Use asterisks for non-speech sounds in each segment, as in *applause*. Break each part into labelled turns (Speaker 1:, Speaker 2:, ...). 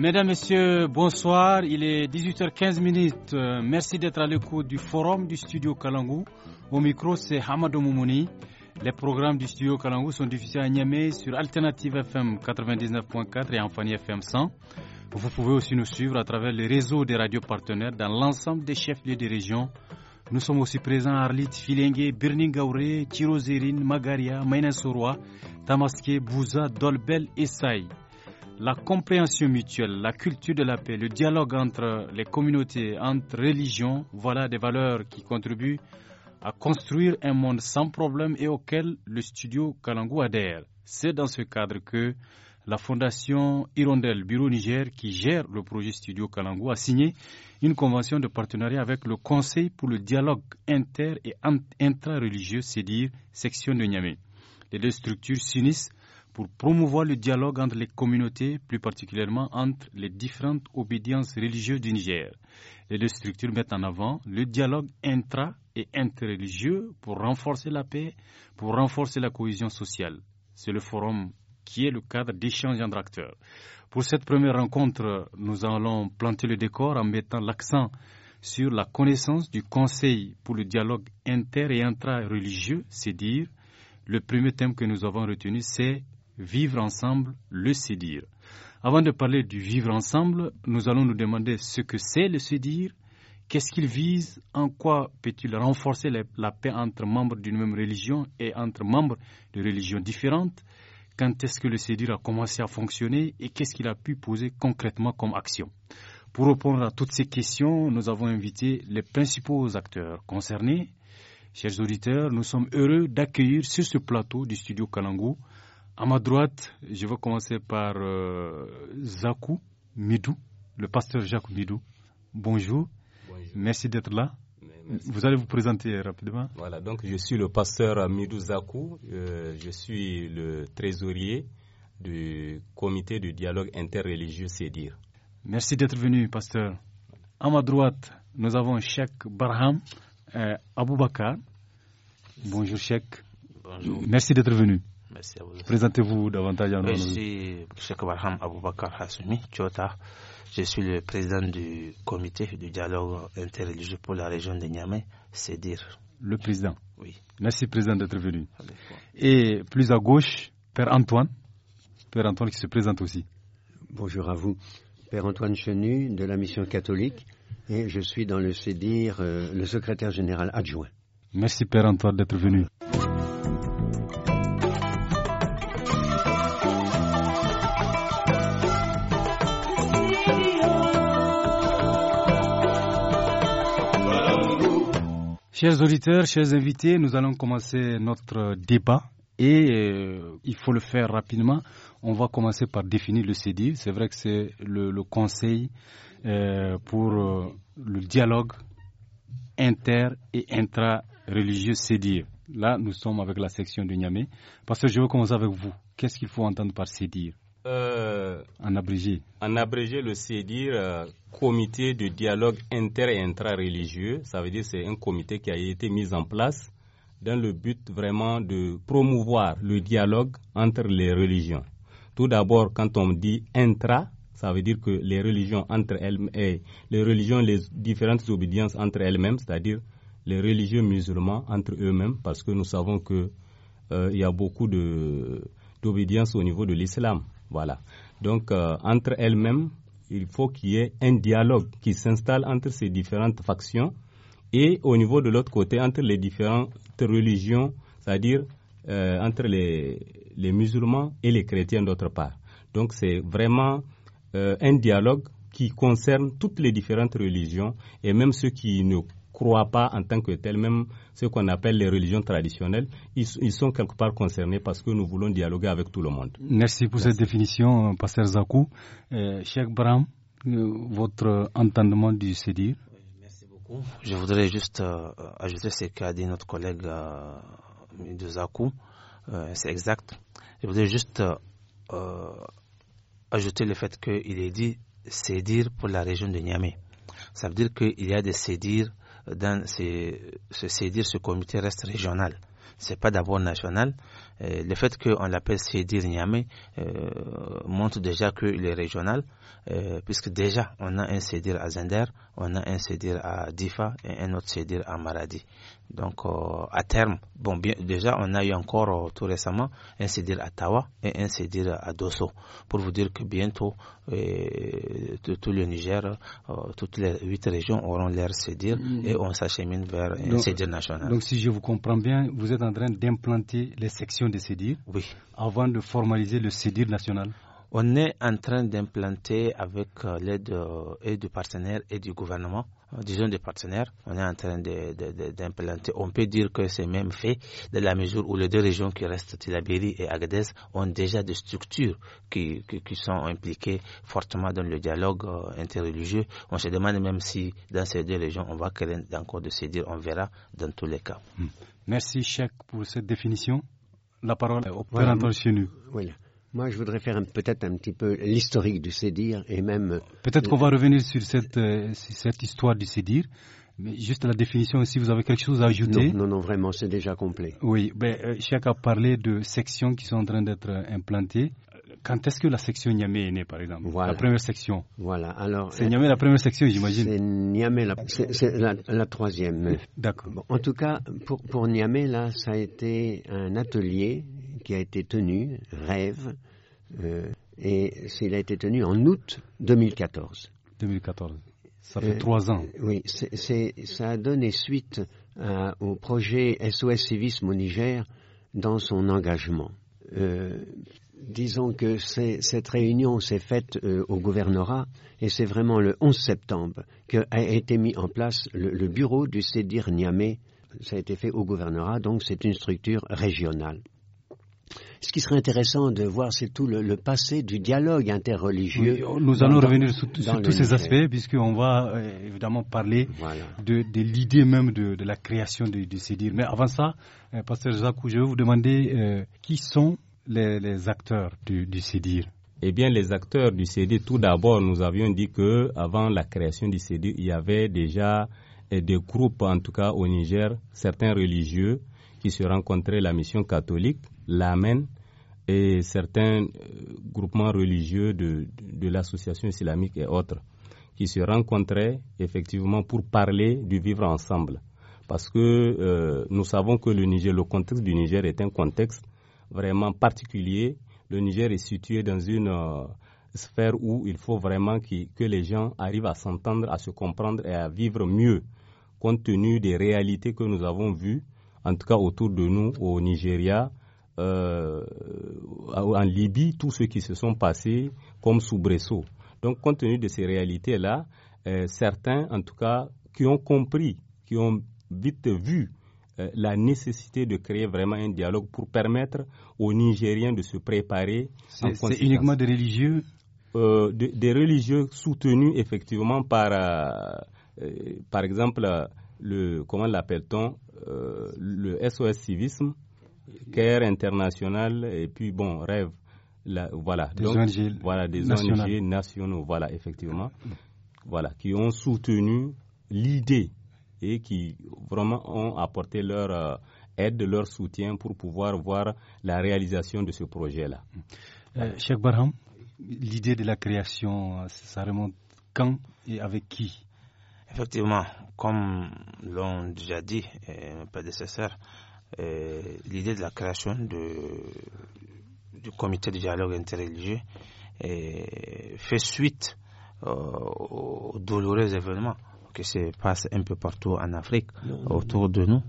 Speaker 1: Mesdames, Messieurs, bonsoir. Il est 18h15 euh, Merci d'être à l'écoute du forum du studio Kalangou. Au micro, c'est Hamadou Moumouni. Les programmes du studio Kalangou sont diffusés à Niamey sur Alternative FM 99.4 et Enfani FM 100. Vous pouvez aussi nous suivre à travers les réseaux des radios partenaires dans l'ensemble des chefs-lieux des régions. Nous sommes aussi présents à Arlit, Filengue, Birningaure, Tirozérine, Magaria, Mainasoroa, Tamaské, Bouza, Dolbel et Saï la compréhension mutuelle, la culture de la paix, le dialogue entre les communautés, entre religions, voilà des valeurs qui contribuent à construire un monde sans problème et auquel le studio Kalangu adhère. C'est dans ce cadre que la fondation Hirondelle Bureau Niger, qui gère le projet Studio Kalangu, a signé une convention de partenariat avec le Conseil pour le dialogue inter- et intra-religieux, c'est-à-dire section de Niamey. Les deux structures s'unissent pour promouvoir le dialogue entre les communautés, plus particulièrement entre les différentes obédiences religieuses du Niger. Les deux structures mettent en avant le dialogue intra- et interreligieux pour renforcer la paix, pour renforcer la cohésion sociale. C'est le forum qui est le cadre d'échange entre acteurs. Pour cette première rencontre, nous allons planter le décor en mettant l'accent sur la connaissance du Conseil pour le dialogue inter- et intra-religieux, c'est dire le premier thème que nous avons retenu, c'est vivre ensemble, le sédir. Avant de parler du vivre ensemble, nous allons nous demander ce que c'est le CEDIR, qu'est-ce qu'il vise, en quoi peut-il renforcer la paix entre membres d'une même religion et entre membres de religions différentes, quand est-ce que le CEDIR a commencé à fonctionner et qu'est-ce qu'il a pu poser concrètement comme action. Pour répondre à toutes ces questions, nous avons invité les principaux acteurs concernés. Chers auditeurs, nous sommes heureux d'accueillir sur ce plateau du studio Kalangou à ma droite, je vais commencer par euh, Zakou Midou, le pasteur Jacques Midou. Bonjour. Merci d'être là. Vous allez vous présenter rapidement.
Speaker 2: Voilà, donc je suis le pasteur Midou Zakou. Euh, je suis le trésorier du comité de dialogue interreligieux dire
Speaker 1: Merci d'être venu, pasteur. À ma droite, nous avons Cheikh Barham euh, Aboubakar. Bonjour, Cheikh. Merci d'être venu. Présentez-vous
Speaker 3: davantage à Je suis Cheikh Aboubakar Je suis le président du comité du dialogue interreligieux pour la région de Niamey, CEDIR. Le président. Oui.
Speaker 1: Merci, président, d'être venu. Et plus à gauche, Père Antoine. Père Antoine qui se présente
Speaker 4: aussi. Bonjour à vous. Père Antoine Chenu de la mission catholique et je suis dans le CEDIR, euh, le secrétaire général adjoint.
Speaker 1: Merci Père Antoine d'être venu. Chers auditeurs, chers invités, nous allons commencer notre débat et euh, il faut le faire rapidement. On va commencer par définir le Cdi. C'est vrai que c'est le, conseil euh, pour euh, le dialogue inter et intra-religieux Cdi. Là, nous sommes avec la section de Niamey. Parce que je veux commencer avec vous. Qu'est-ce qu'il faut entendre par Cdi
Speaker 2: euh,
Speaker 1: en abrégé.
Speaker 2: En abrégé, le c'est euh, comité de dialogue inter- et intra-religieux. Ça veut dire c'est un comité qui a été mis en place dans le but vraiment de promouvoir le dialogue entre les religions. Tout d'abord, quand on dit intra, ça veut dire que les religions entre elles, et les religions, les différentes obédiences entre elles-mêmes, c'est-à-dire les religieux musulmans entre eux-mêmes, parce que nous savons que euh, il y a beaucoup d'obédiences au niveau de l'islam. Voilà. Donc, euh, entre elles-mêmes, il faut qu'il y ait un dialogue qui s'installe entre ces différentes factions et au niveau de l'autre côté, entre les différentes religions, c'est-à-dire euh, entre les, les, musulmans et les chrétiens d'autre part. Donc, c'est vraiment euh, un dialogue qui concerne toutes les différentes religions et même ceux qui ne croient pas en tant que tel, même ce qu'on appelle les religions traditionnelles, ils, sont quelque part concernés parce que nous voulons dialoguer avec tout le monde. Merci pour cette
Speaker 1: définition, euh, Pasteur Zakou. Euh, Cheikh Bram, euh, votre entendement du CEDIR Merci
Speaker 3: beaucoup. Je voudrais juste ajouter ce qu'a dit notre collègue de Zakou. C'est exact. Je voudrais juste ajouter le fait qu'il est dit CEDIR pour la région de Niamey. Ça veut dire qu'il y a des CEDIR dans CEDIR, ce comité reste régional. Ce n'est pas d'abord national. Euh, le fait qu'on l'appelle CEDIR Niamey euh, montre déjà qu'il est régional, euh, puisque déjà on a un CEDIR à Zender, on a un CEDIR à Difa et un autre CEDIR à Maradi. Donc, euh, à terme, bon, déjà, on a eu encore euh, tout récemment un CEDIR à Tawa et un CEDIR à Dosso, pour vous dire que bientôt, euh, tout, le Niger, toutes les huit régions auront leur CEDIR mm-hmm. et on s'achemine vers un CEDIR national. Donc, si
Speaker 1: je vous comprends bien, vous êtes en train
Speaker 3: d'implanter les sections de CEDIR oui. avant de formaliser le Cdir national on est en train d'implanter avec l'aide du partenaire et du gouvernement euh, disons, des partenaires. On est en train d'implanter. On peut dire que c'est même fait de la mesure où les deux régions qui restent, Tilabiri et Agadez, ont déjà des structures qui, sont impliquées fortement dans le dialogue euh, interreligieux. On se demande même si dans ces deux régions, on va créer encore de se dire, on verra dans tous les cas.
Speaker 1: Hmm. Merci, Cheikh, pour cette définition.
Speaker 4: La parole est euh, au président moi, je voudrais faire peut-être un petit peu l'historique du CEDIR et même. Euh, peut-être qu'on va
Speaker 1: revenir sur cette, euh, cette histoire du CEDIR. Mais juste la définition, si vous avez quelque chose à ajouter.
Speaker 4: Non, non, vraiment, c'est déjà complet.
Speaker 1: Oui, ben, euh, a parlé de sections qui sont en train d'être implantées. Quand est-ce que la section Niamey
Speaker 4: est née, par exemple La première section. Voilà. Alors, c'est Niamey la première section, j'imagine. C'est Niamey la, la, troisième. D'accord. en tout cas, pour, pour Niamey, là, ça a été un atelier qui a été tenu, Rêve, euh, et il a été tenu en août 2014. 2014, ça euh, fait trois ans. Oui, ça a donné suite au projet SOS Civisme au Niger dans son engagement. Euh, disons que cette réunion s'est faite au gouvernorat et c'est vraiment le 11 septembre qu'a été mis en place le, bureau du CEDIR Niamey. Ça a été fait au gouvernorat, donc c'est une structure régionale. Ce qui serait intéressant de voir, c'est tout le, passé du dialogue interreligieux. nous allons revenir sur, tous ces aspects,
Speaker 1: puisqu'on va euh, évidemment parler de, l'idée même de, la création du de, Mais avant ça, euh, Pasteur Jacques, je vais vous demander euh, qui sont
Speaker 2: les, acteurs du, du CEDIR eh bien, les acteurs du CEDIR. tout d'abord, nous avions dit que avant la création du CEDIR, il y avait déjà eh, des groupes, en tout cas au Niger, certains religieux qui se rencontraient la mission catholique l'amen et certains euh, groupements religieux de, de l'association islamique et autres qui se rencontraient effectivement pour parler du vivre ensemble. Parce que euh, nous savons que le, Niger, le contexte du Niger est un contexte vraiment particulier. Le Niger est situé dans une euh, sphère où il faut vraiment que les gens arrivent à s'entendre, à se comprendre et à vivre mieux, compte tenu des réalités que nous avons vues, en tout cas autour de nous au Nigeria, euh, en Libye tous ceux qui se sont passés comme bresso Donc, compte tenu de ces réalités-là, euh, certains, en tout cas, qui ont compris, qui ont vite vu euh, la nécessité de créer vraiment un dialogue pour permettre aux Nigériens de se préparer. C'est uniquement des religieux Des religieux soutenus effectivement par, par exemple, le, comment l'appelle-t-on, le SOS civisme CAIR international et puis bon, rêve. voilà. Des Donc, voilà, des nationaux, voilà, effectivement. Voilà, qui ont soutenu l'idée et qui vraiment ont apporté leur euh, aide, leur soutien pour pouvoir voir la réalisation de ce projet-là.
Speaker 1: Euh, Cheikh Barham, l'idée de la création, euh, ça remonte quand et avec qui
Speaker 3: Effectivement, comme l'ont déjà dit mes prédécesseurs, euh, l'idée de la création du comité de dialogue interreligieux euh, fait suite euh, aux douloureux événements qui se passent un peu partout en Afrique autour de nous.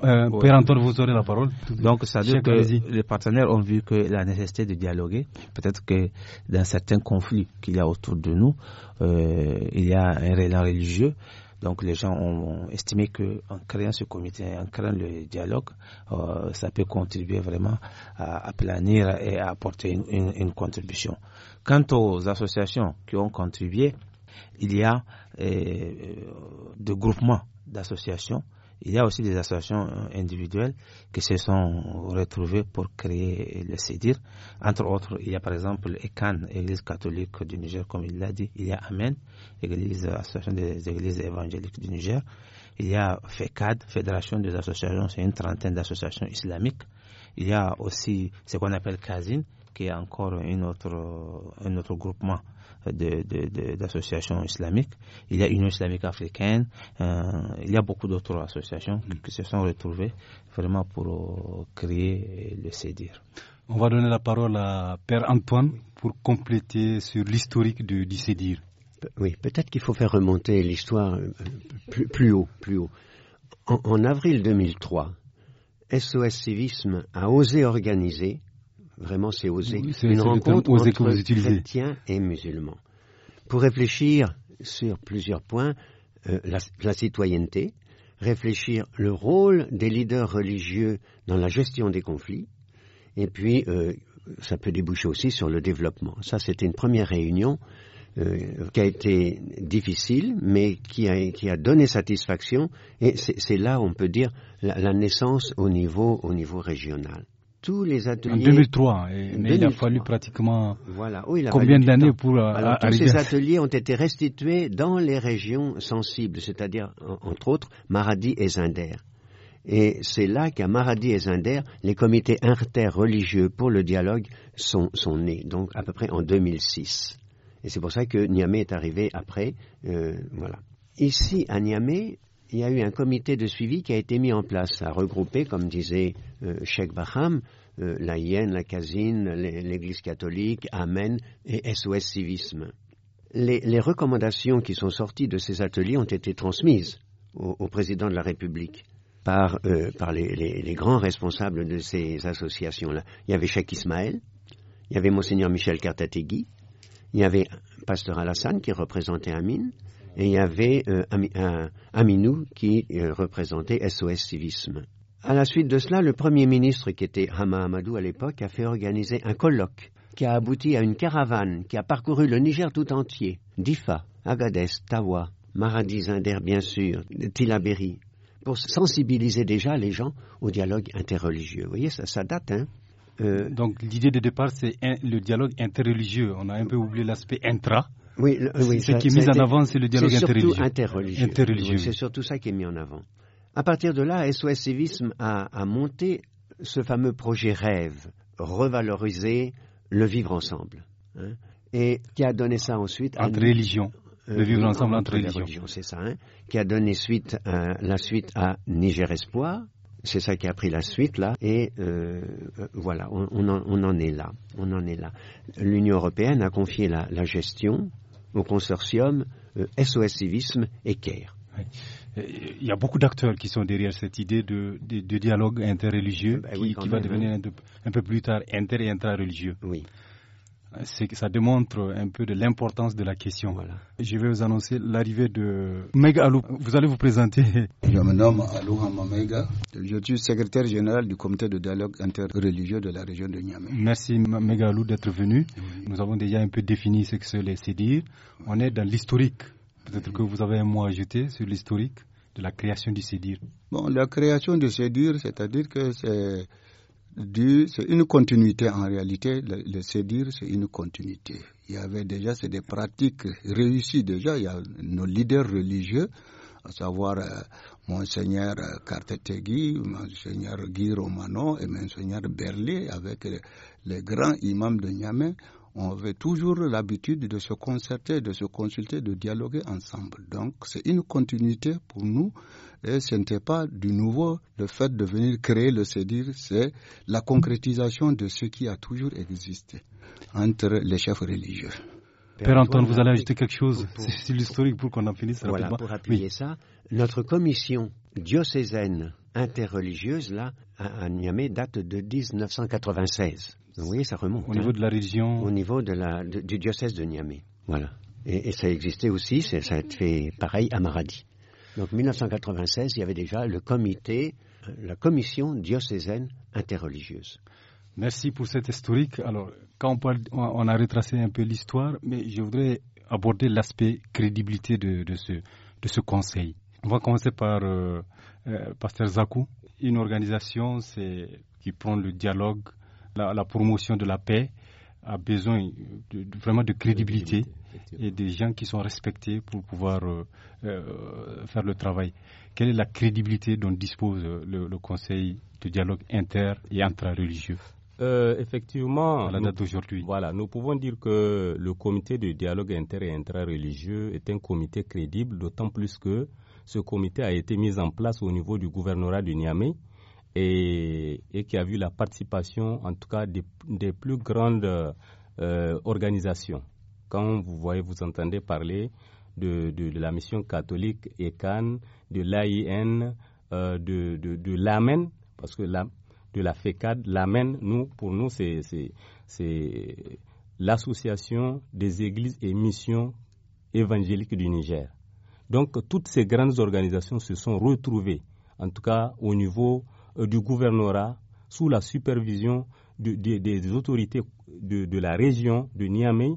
Speaker 3: Père Antoine, vous aurez la parole. Donc, ça veut dire que les partenaires ont vu que la nécessité de dialoguer, peut-être que dans certains conflits qu'il y a autour de nous, il y a un relais religieux. Donc les gens ont, estimé qu'en créant ce comité, en créant le dialogue, euh, ça peut contribuer vraiment à, planir et à apporter une, contribution. Quant aux associations qui ont contribué, il y a euh, euh, des groupements d'associations il y a aussi des associations euh, individuelles qui se sont retrouvées pour créer le CEDIR. Entre autres, il y a par exemple ECAN, Église catholique du Niger, comme il l'a dit. Il y a Amen, Église, Association des Églises évangéliques du Niger. Il y a FECAD, Fédération des associations, c'est une trentaine d'associations islamiques. Il y a aussi ce qu'on appelle Kazin, qui est encore autre, euh, un autre groupement d'associations de, islamiques. Il y a Union islamique africaine. Euh, il y a beaucoup d'autres associations qui se sont retrouvées vraiment pour euh, créer le CEDIR.
Speaker 1: On va donner la parole à Père Antoine pour
Speaker 4: compléter sur l'historique du CEDIR. Oui, peut-être qu'il faut faire remonter l'histoire euh, plus, haut, plus haut. En, en avril 2003, SOS Civisme a osé organiser Vraiment, c'est osé. une rencontre entre chrétiens et musulmans. Pour réfléchir sur plusieurs points, euh, la, citoyenneté, réfléchir le rôle des leaders religieux dans la gestion des conflits, et puis euh, ça peut déboucher aussi sur le développement. Ça, c'était une première réunion euh, qui a été difficile, mais qui a, donné satisfaction. Et c'est là, on peut dire, la, naissance au niveau régional tous les ateliers. En 2003, mais il a fallu pratiquement combien d'années pour euh, arriver Tous ces ateliers ont été restitués dans les régions sensibles, c'est-à-dire entre autres Maradi et Zinder. Et c'est là qu'à Maradi et Zinder, les comités interreligieux pour le dialogue sont, nés, donc à peu près en 2006. Et c'est pour ça que Niamey est arrivé après. Euh, voilà. Ici, à Niamey, il y a eu un comité de suivi qui a été mis en place, à regrouper, comme disait euh, Sheikh Baham, euh, la Hyène, la Casine, l'Église catholique, Amen et SOS Civisme. Les, recommandations qui sont sorties de ces ateliers ont été transmises au, président de la République par, euh, les, grands responsables de ces associations-là. Il y avait Sheikh Ismaël, il y avait Monseigneur Michel Kartategui, il y avait Pasteur Alassane qui représentait Amine, et il y avait euh, un, Aminou qui euh, représentait SOS Civisme. À la suite de cela, le premier ministre qui était Hama Amadou à l'époque a fait organiser un colloque qui a abouti à une caravane qui a parcouru le Niger tout entier, Difa, Agadez, Tawa, Maradi bien sûr, Tilaberi, pour sensibiliser déjà les gens au dialogue interreligieux. Vous voyez, ça, date, hein euh, Donc l'idée de départ, c'est le dialogue interreligieux. On a un peu oublié l'aspect intra. Oui, ce qui est mis en avant, c'est le dialogue interreligieux. interreligieux. interreligieux. c'est surtout ça qui est mis en avant. À partir de là, SOS Civisme a, monté ce fameux projet rêve, revaloriser le vivre ensemble. Hein, et qui a donné ça ensuite. Entre à... religions. Euh, le vivre ensemble entre, entre religions. c'est ça, hein, qui a donné suite, euh, la suite à Niger Espoir. C'est ça qui a pris la suite là, et euh, voilà, on, en, est là, on en est là. L'Union européenne a confié la gestion au consortium SOS euh, Civisme et CARE. Euh, il y a beaucoup d'acteurs qui sont derrière cette idée de, dialogue interreligieux
Speaker 1: ah ben qui, va devenir un, un, peu plus tard inter et intra-religieux. Oui ça démontre un peu de l'importance de la question. Voilà. Je vais vous annoncer l'arrivée de Mega Alou. Vous allez vous présenter. *laughs*
Speaker 5: Je me nomme Alou Hamamega. Je suis secrétaire général du comité de dialogue interreligieux de la région de Niamey. Merci Mega Alou d'être venu. Nous avons déjà
Speaker 1: un peu défini ce que c'est les sédirs. On est dans l'historique. Peut-être que vous avez un mot à ajouter sur l'historique de la création du sédir.
Speaker 5: Bon, la création du sédir, c'est-à-dire que c'est c'est une continuité en réalité, le, le sédir c'est une continuité. Il y avait déjà, c'est des pratiques réussies déjà, il y a nos leaders religieux, à savoir euh, Monseigneur euh, Kartetegui, Monseigneur Guy Romano et Monseigneur Berlé avec les, euh, les grands imams de Niamey on avait toujours l'habitude de se concerter, de se consulter, de dialoguer ensemble. Donc c'est une continuité pour nous et ce n'était pas du nouveau le fait de venir créer le CEDIR, c'est la concrétisation de ce qui a toujours existé entre les chefs
Speaker 4: religieux. Père Antoine, vous allez ajouter
Speaker 1: quelque chose C'est l'historique pour qu'on en finisse rapidement. pour appuyer ça,
Speaker 4: notre commission diocésaine interreligieuse là, à Niamey date de 1996. Vous voyez, ça remonte. Au niveau hein. de la région Au niveau du diocèse de Niamey. Voilà. Et, ça existait aussi, ça a été fait pareil à Maradi. Donc 1996, il y avait déjà le comité, euh, la commission diocésaine interreligieuse.
Speaker 1: Merci pour cet historique. Alors, quand on, on a retracé un peu l'histoire, mais je voudrais aborder l'aspect crédibilité de, ce, conseil. On va commencer par euh, euh, Pasteur Zakou. Une organisation qui prend le dialogue la, promotion de la paix a besoin vraiment de crédibilité et des gens qui sont respectés pour pouvoir euh, euh, faire le travail. Quelle est la crédibilité dont dispose euh, le, Conseil de dialogue inter
Speaker 2: et intra-religieux effectivement, Voilà, nous pouvons dire que le comité de dialogue inter et intra-religieux est un comité crédible, d'autant plus que ce comité a été mis en place au niveau du gouvernorat du Niamey et, qui a vu la participation, en tout cas, des, plus grandes euh, organisations. Quand vous voyez, vous entendez parler de, de, la mission catholique ECAN, de l'AIN, euh, de, de, l'AMEN, parce que la, de la FECAD, l'AMEN, nous, pour nous, c'est l'association des églises et missions évangéliques du Niger. Donc, toutes ces grandes organisations se sont retrouvées, en tout cas au niveau euh, du gouvernorat sous la supervision des autorités de, la région de Niamey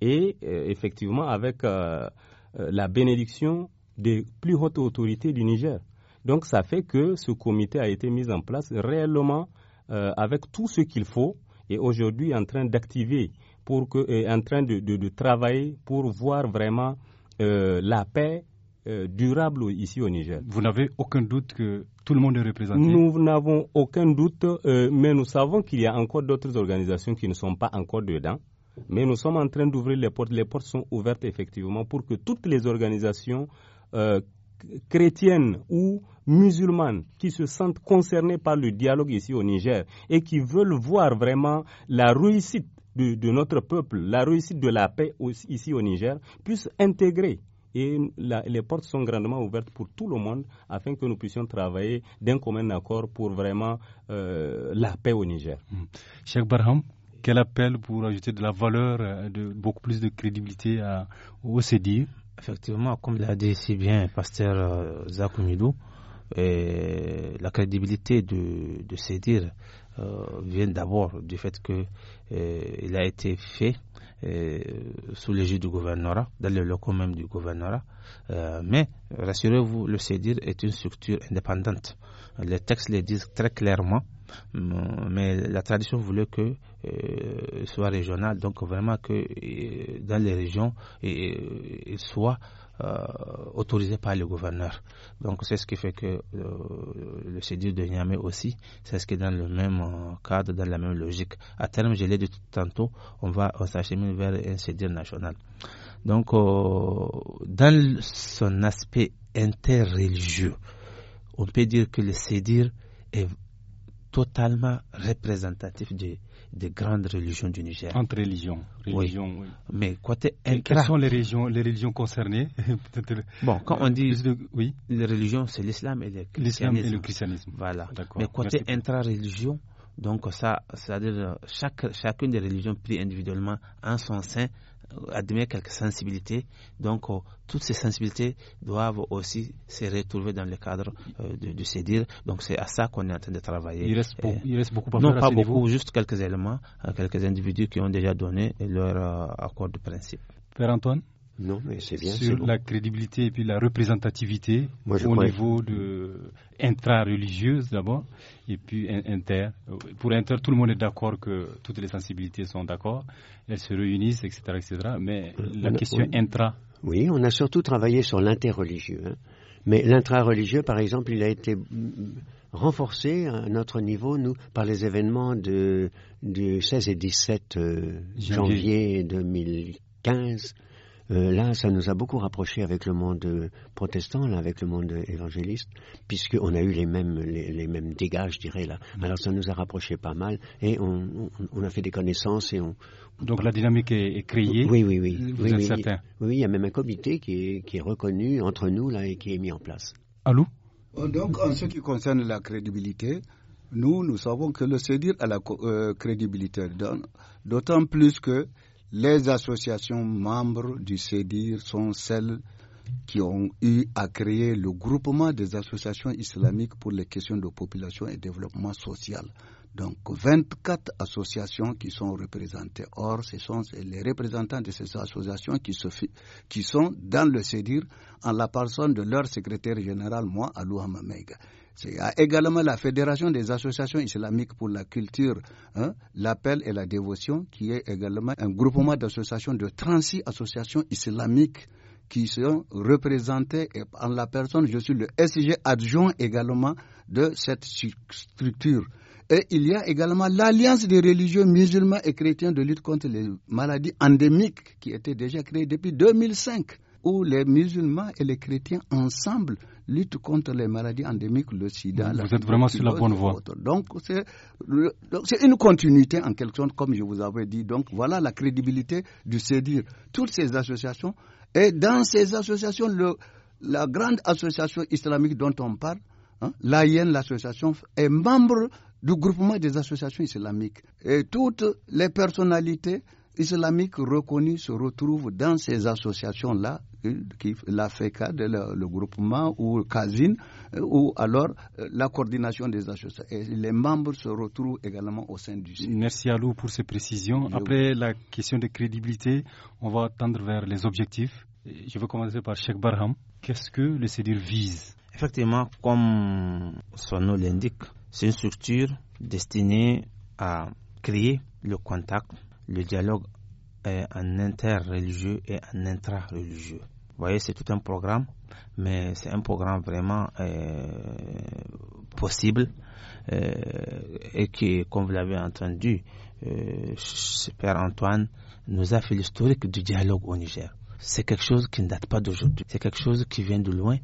Speaker 2: et euh, effectivement avec euh, la bénédiction des plus hautes autorités du Niger. Donc ça fait que ce comité a été mis en place réellement avec tout ce qu'il faut et aujourd'hui en train d'activer pour que et en train de, travailler pour voir vraiment la paix durable ici au Niger. Vous n'avez aucun doute que tout le monde représenté Nous n'avons aucun doute, euh, mais nous savons qu'il y a encore d'autres organisations qui ne sont pas encore dedans. Mais nous sommes en train d'ouvrir les portes. Les portes sont ouvertes effectivement pour que toutes les organisations euh, chrétiennes ou musulmanes qui se sentent concernées par le dialogue ici au Niger et qui veulent voir vraiment la réussite de, notre peuple, la réussite de la paix ici au Niger, puissent intégrer et les portes sont grandement ouvertes pour tout le monde afin que nous puissions travailler d'un commun accord pour vraiment euh, la paix au Niger. Hmm. Cheikh Barham, quel appel pour ajouter de la valeur, euh, de,
Speaker 3: beaucoup plus de crédibilité au CDI Effectivement, comme l'a dit si bien Pasteur euh, Zakoumidou, la crédibilité de, de vient d'abord du fait qu'il a été fait euh, sous l'égide du gouvernorat, dans le locaux même du gouvernorat. Euh, mais rassurez-vous, le CEDIR est une structure indépendante. Les textes le disent très clairement, mm, mais la tradition voulait que euh, soit régional, donc vraiment que dans les régions, il soit euh, autorisé par le gouverneur. Donc c'est ce qui fait que euh, le sédir de Niamey aussi, c'est ce qui est dans le même euh, cadre, dans la même logique. À terme, je l'ai dit tantôt, on va s'acheminer vers un sédir national. Donc, dans son aspect interreligieux, on peut dire que le sédir est totalement représentatif de des grandes religions du Niger. Entre religions. religions oui. Mais côté Quelles sont les religions, les religions concernées *laughs* Bon, quand on euh, dit oui. les religions, c'est l'islam et le christianisme. L'islam et le christianisme. Voilà. Mais côté intra-religion, donc ça, c'est-à-dire chaque, chacune des religions prises individuellement en son sein admet quelques sensibilités. Donc, euh, toutes ces sensibilités doivent aussi se retrouver dans le cadre du euh, de, CEDIR. Donc, c'est à ça qu'on est en train de travailler. Il reste, pour, il beaucoup à Non, pas beaucoup, juste quelques éléments, euh, quelques individus qui ont déjà donné leur accord de principe. Père Antoine non, mais c'est bien. Sur la
Speaker 1: crédibilité et puis la
Speaker 3: représentativité
Speaker 1: au niveau de intra-religieuse d'abord et puis inter. Pour inter, tout le monde est d'accord que toutes les sensibilités sont d'accord, elles se réunissent, etc.,
Speaker 4: etc. Mais euh, la question intra. Oui, on a surtout travaillé sur l'interreligieux. religieux hein. Mais l'intra-religieux, par exemple, il a été renforcé à notre niveau, nous, par les événements de, du 16 et 17 euh, janvier 2015 euh, là, ça nous a beaucoup rapprochés avec le monde euh, protestant, là, avec le monde évangéliste, puisqu'on a eu les mêmes, les, mêmes dégâts, je dirais, là. Mm. Alors, ça nous a rapprochés pas mal et on, a fait des connaissances et on. Donc, la dynamique est, créée Oui, oui, oui. Vous oui, êtes certain oui, il y a même un comité qui est, qui est reconnu entre nous, là, et qui est mis en place.
Speaker 5: Allô euh, donc, en ce qui concerne la crédibilité, nous, nous savons que le dire à la crédibilité crédibilité, d'autant plus que les associations membres du CEDIR sont celles qui ont eu à créer le groupement des associations islamiques pour les questions de population et développement social. Donc 24 associations qui sont représentées. Or, ce sont les représentants de ces associations qui, sont dans le CEDIR en la personne de leur secrétaire général, moi, Alou il y a également la Fédération des associations islamiques pour la culture, hein, l'appel et la dévotion, qui est également un groupement d'associations de 36 associations islamiques qui sont représentées en la personne. Je suis le SG adjoint également de cette structure. Et il y a également l'Alliance des religieux musulmans et chrétiens de lutte contre les maladies endémiques qui était déjà créée depuis 2005 où les musulmans et les chrétiens ensemble lutte contre les maladies endémiques, le sida. Vous êtes vraiment sur la bonne voie. Donc, c'est une continuité en quelque sorte, comme je vous avais dit. Donc, voilà la crédibilité du CEDIR. Toutes ces associations, et dans ces associations, le, la grande association islamique dont on parle, hein, l'association, est membre du groupement des associations islamiques. Et toutes les personnalités islamique reconnu se retrouve dans ces associations-là, euh, qui, la FECA, le, le, groupement ou Kazin, euh, ou alors euh, la coordination des associations. les membres se retrouvent également au sein du
Speaker 1: Merci à vous pour ces précisions. Après la question de crédibilité, on va tendre vers les objectifs. Je vais commencer par Sheikh Barham. Qu'est-ce que le CEDIR
Speaker 3: vise Effectivement, comme son nom l'indique, c'est une structure destinée à créer le contact le dialogue est en interreligieux et en intra-religieux. Vous voyez, c'est tout un programme, mais c'est un programme vraiment euh, possible euh, et qui, comme vous l'avez entendu, euh, Père Antoine nous a fait l'historique du dialogue au Niger. C'est quelque chose qui ne date pas d'aujourd'hui, c'est quelque chose qui vient de loin.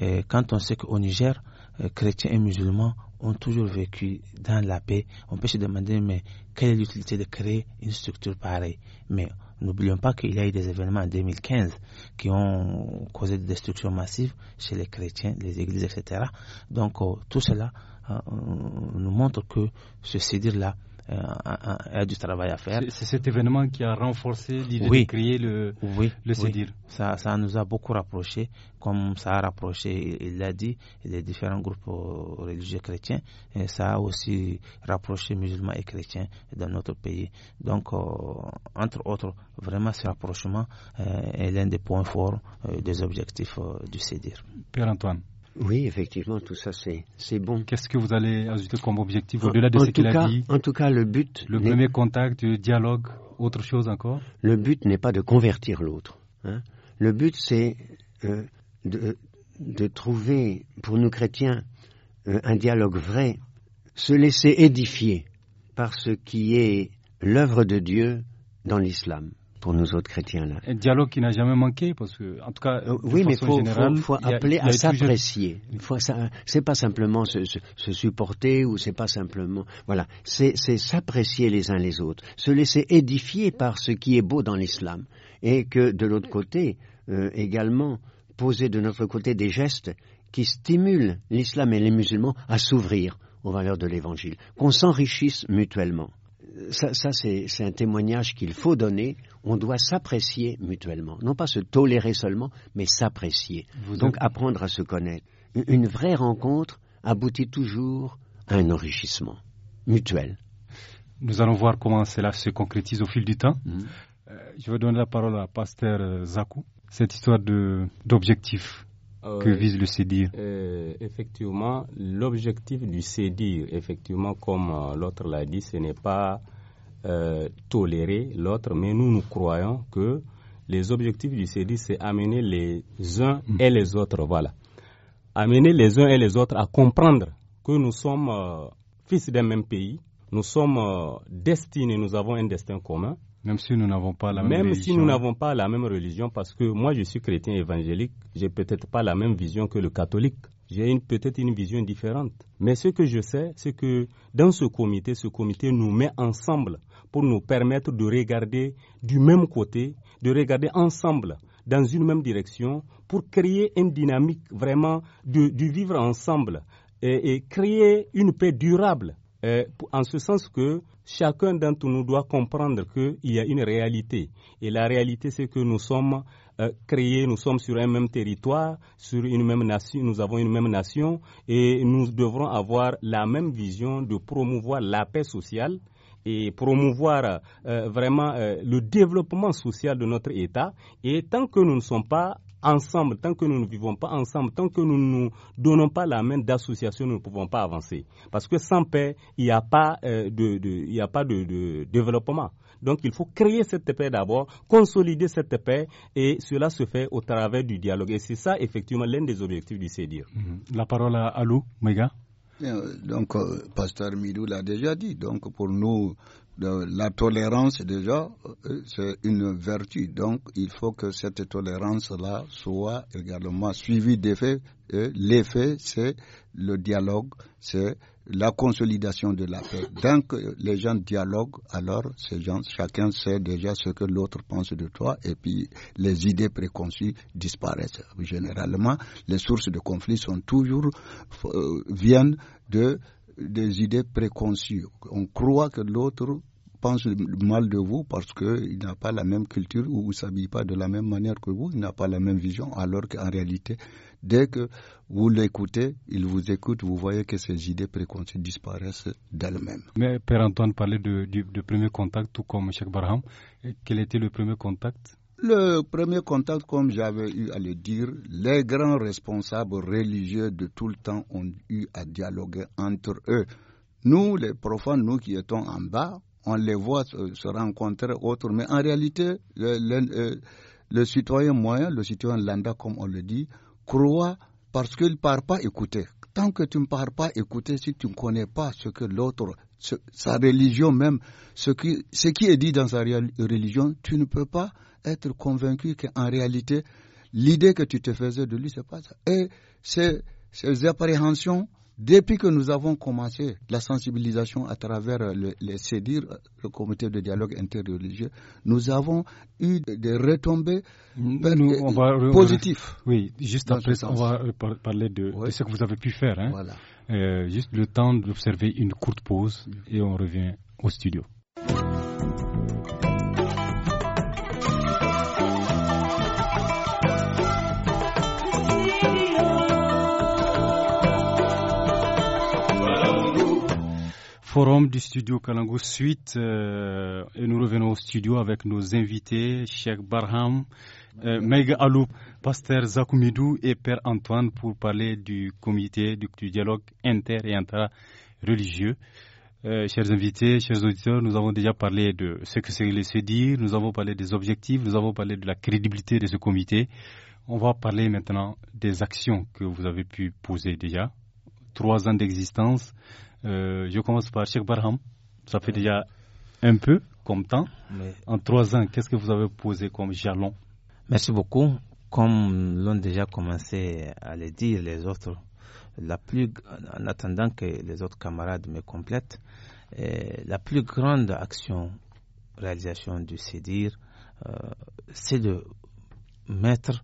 Speaker 3: Et quand on sait qu'au Niger, euh, chrétiens et musulmans ont toujours vécu dans la paix, on peut se demander mais quelle est l'utilité de créer une structure pareille. Mais n'oublions pas qu'il y a eu des événements en 2015 qui ont causé des destructions massives chez les chrétiens, les églises, etc. Donc euh, tout cela euh, nous montre que ce dit là a, euh, du travail à faire. C'est cet événement qui a renforcé l'idée de créer le, le CEDIR. Ça, nous a beaucoup rapprochés, comme ça a rapproché, il l'a dit, les différents groupes euh, religieux chrétiens. Et ça a aussi rapproché musulmans et chrétiens dans notre pays. Donc, euh, entre autres, vraiment ce rapprochement est l'un des points forts des objectifs du CEDIR. Père Antoine.
Speaker 4: Oui, effectivement, tout ça, c'est bon. Qu'est-ce que vous allez ajouter comme objectif au-delà de en ce qu'il a dit En
Speaker 1: tout cas, le but... Le premier contact, le dialogue, autre chose encore
Speaker 4: Le but n'est pas de convertir l'autre. Hein. Le but, c'est euh, de, trouver, pour nous chrétiens, euh, un dialogue vrai, se laisser édifier par ce qui est l'œuvre de Dieu dans l'islam pour nous autres chrétiens. Là.
Speaker 1: Un dialogue qui n'a jamais manqué, parce que, en tout cas, euh, oui, mais faut, générale, faut, faut appeler à s'apprécier.
Speaker 4: Ce C'est pas simplement se, supporter ou c'est pas simplement, voilà, c'est s'apprécier les uns les autres, se laisser édifier par ce qui est beau dans l'islam, et que de l'autre côté, euh, également, poser de notre côté des gestes qui stimulent l'islam et les musulmans à s'ouvrir aux valeurs de l'Évangile, qu'on s'enrichisse mutuellement. Euh, ça c'est un témoignage qu'il faut donner on doit s'apprécier mutuellement. Non pas se tolérer seulement, mais s'apprécier. Donc apprendre à se connaître. Une vraie rencontre aboutit toujours à un enrichissement mutuel.
Speaker 1: Nous allons voir comment cela se concrétise au fil du temps. Mm. Euh, je vais donner la parole à Pasteur euh, Zakou. Cette histoire d'objectif que euh,
Speaker 2: vise le CEDIR Effectivement, l'objectif du CEDIR, effectivement, comme l'autre l'a dit, ce n'est pas euh, tolérer l'autre, mais nous, nous croyons que les objectifs du CEDI, c'est amener les uns mm. et les autres, voilà. Amener les uns et les autres à comprendre que nous sommes euh, fils d'un même pays, nous sommes euh, destinés, nous avons un destin commun. Même si nous n'avons pas la même, même si nous n'avons pas la même religion, parce que moi je suis chrétien évangélique, j'ai peut-être pas la même vision que le catholique j'ai peut-être une vision différente. Mais ce que je sais, c'est que dans ce comité, ce comité nous met ensemble pour nous permettre de regarder du même côté, de regarder ensemble dans une même direction pour créer une dynamique vraiment de, vivre ensemble et, créer une paix durable. Euh, en ce sens que chacun d'entre nous doit comprendre qu'il y a une réalité. Et la réalité, c'est que nous sommes euh, créer, nous sommes sur un même territoire, sur une même nation, nous avons une même nation et nous devrons avoir la même vision de promouvoir la paix sociale et promouvoir euh, vraiment euh, le développement social de notre État. Et tant que nous ne sommes pas ensemble, tant que nous ne vivons pas ensemble, tant que nous ne nous donnons pas la main d'association, nous ne pouvons pas avancer. Parce que sans paix, il n'y a pas, de, il a pas de développement. Donc il faut créer cette paix d'abord, consolider cette paix, et cela se fait au travers du dialogue. Et c'est ça, effectivement, l'un des objectifs du CEDIR.
Speaker 1: Mhm. La parole à Alou Mega.
Speaker 5: Donc, euh,
Speaker 2: Pasteur Midou l'a déjà dit.
Speaker 5: Donc, pour nous, la tolérance, déjà, euh, c'est une vertu. Donc, il faut que cette tolérance-là soit également suivie faits. L'effet, c'est le dialogue, c'est la consolidation de la paix. Donc, les gens dialoguent, alors ces gens, chacun sait déjà ce que l'autre pense de toi, et puis les idées préconçues disparaissent. Généralement, les sources de conflits sont toujours, euh, viennent de des idées préconçues. On croit que l'autre pense mal de vous parce qu'il n'a pas la même culture ou ne s'habille pas de la même manière que vous, il n'a pas la même vision, alors qu'en réalité, dès que vous l'écoutez, il vous écoute, vous voyez que ces idées préconçues disparaissent d'elles-mêmes. Mais
Speaker 1: Père Antoine parlait de, du, premier contact, tout comme Cheikh Barham. Quel était le premier contact
Speaker 5: le premier contact, comme j'avais eu à le dire, les grands responsables religieux de tout le temps ont eu à dialoguer entre eux. Nous, les profanes, nous qui étions en bas, on les voit se rencontrer autrement, mais en réalité, euh, le, citoyen moyen, le citoyen lambda, comme on le dit, croit parce qu'il ne part pas écouter. Tant que tu ne pars pas écouter, si tu ne connais pas ce que l'autre, sa religion même, ce qui, est dit dans sa religion, tu ne peux pas être convaincu qu'en réalité, l'idée que tu te faisais de lui, n'est pas ça. Et ces, ces appréhensions, depuis que nous avons commencé la sensibilisation à travers le, les CEDIR, le comité de dialogue interreligieux, nous avons eu des retombées ben, positives. Oui, juste après on va parler
Speaker 1: de, ce que vous avez pu faire. Hein. Euh, juste le temps d'observer une courte pause mm. et on revient au studio. forum du studio Kalango Suite euh, et nous revenons au studio avec nos invités, Cheikh euh, Barham, Meg Alou, Pasteur Zakoumidou et Père Antoine pour parler du comité du, dialogue inter et intra-religieux. Euh, chers invités, chers auditeurs, nous avons déjà parlé de ce que c'est se dire, nous avons parlé des objectifs, nous avons parlé de la crédibilité de ce comité. On va parler maintenant des actions que vous avez pu poser déjà. Trois ans d'existence, euh, je commence par Sheikh Barham. Ça fait déjà un peu comme temps. Mais... En trois ans, qu'est-ce que vous avez posé comme
Speaker 3: jalon Merci beaucoup. Comme l'ont déjà commencé à le dire les autres, la plus, en attendant que les autres camarades me complètent, euh, la plus grande action, réalisation du CEDIR, euh, c'est de mettre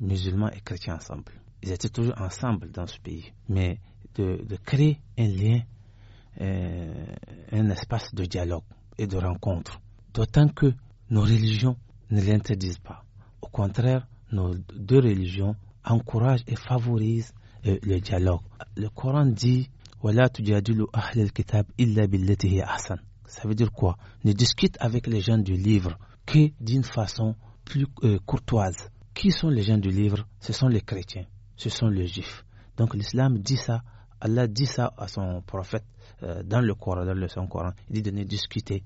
Speaker 3: musulmans et chrétiens ensemble. Ils étaient toujours ensemble dans ce pays. Mais de, créer un lien, euh, un espace de dialogue et de rencontre. D'autant que nos religions ne l'interdisent pas. Au contraire, nos deux religions encouragent et favorisent euh, le dialogue. Le Coran dit ça veut dire quoi Ne discute avec les gens du livre que d'une façon plus euh, courtoise. Qui sont les gens du livre Ce sont les chrétiens, ce sont les juifs. Donc l'islam dit ça Allah dit ça à son prophète euh, dans le Coran, dans le Saint Coran. Il dit de ne discuter.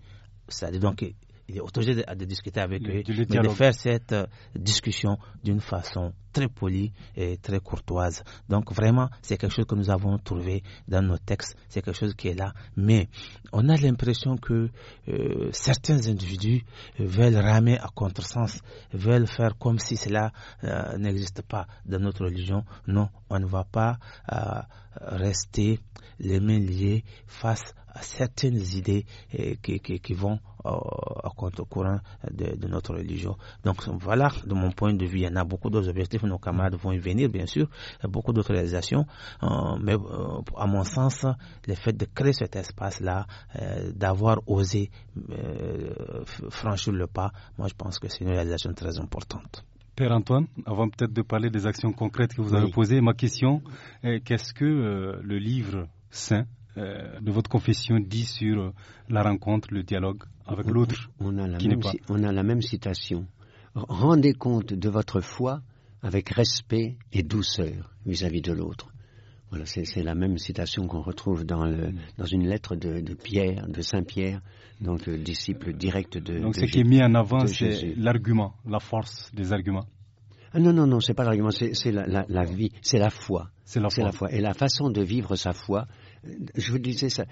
Speaker 3: C'est-à-dire que il est autorisé de, discuter avec eux, de de faire cette euh, discussion d'une façon très polie et très courtoise. Donc vraiment, c'est quelque chose que nous avons trouvé dans nos textes, c'est quelque chose qui est là, mais on a l'impression que euh, certains individus euh, veulent ramer à contresens, veulent faire comme si cela n'existe pas dans notre religion. Non, on ne va pas rester les mains liées face certaines idées euh, qui, qui, qui vont au euh, contre courant de, notre religion. Donc voilà, de mon point de vue, il y en a beaucoup d'autres objectifs, nos camarades vont y venir bien sûr, beaucoup d'autres réalisations, euh, mais à mon sens, le fait de créer cet espace-là, d'avoir osé franchir le pas, moi je pense que c'est une réalisation très importante.
Speaker 1: Père Antoine, avant peut-être de parler des actions concrètes que vous avez posées, ma question est qu'est-ce que le livre saint, euh, de votre confession dit sur
Speaker 4: euh, la rencontre, le dialogue avec l'autre. On, on a la même citation. Rendez compte de votre foi avec respect et douceur vis-à-vis de l'autre. Voilà, c'est la même citation qu'on retrouve dans, le, dans, une lettre de, Pierre, de Saint Pierre, donc le disciple direct de. Donc ce qui est mis en avant, c'est l'argument, la force des arguments. Non, ah, non, non, non, c'est pas l'argument, c'est la, vie, c'est la foi. C'est la, foi. Et la façon de vivre sa foi, je vous disais ça,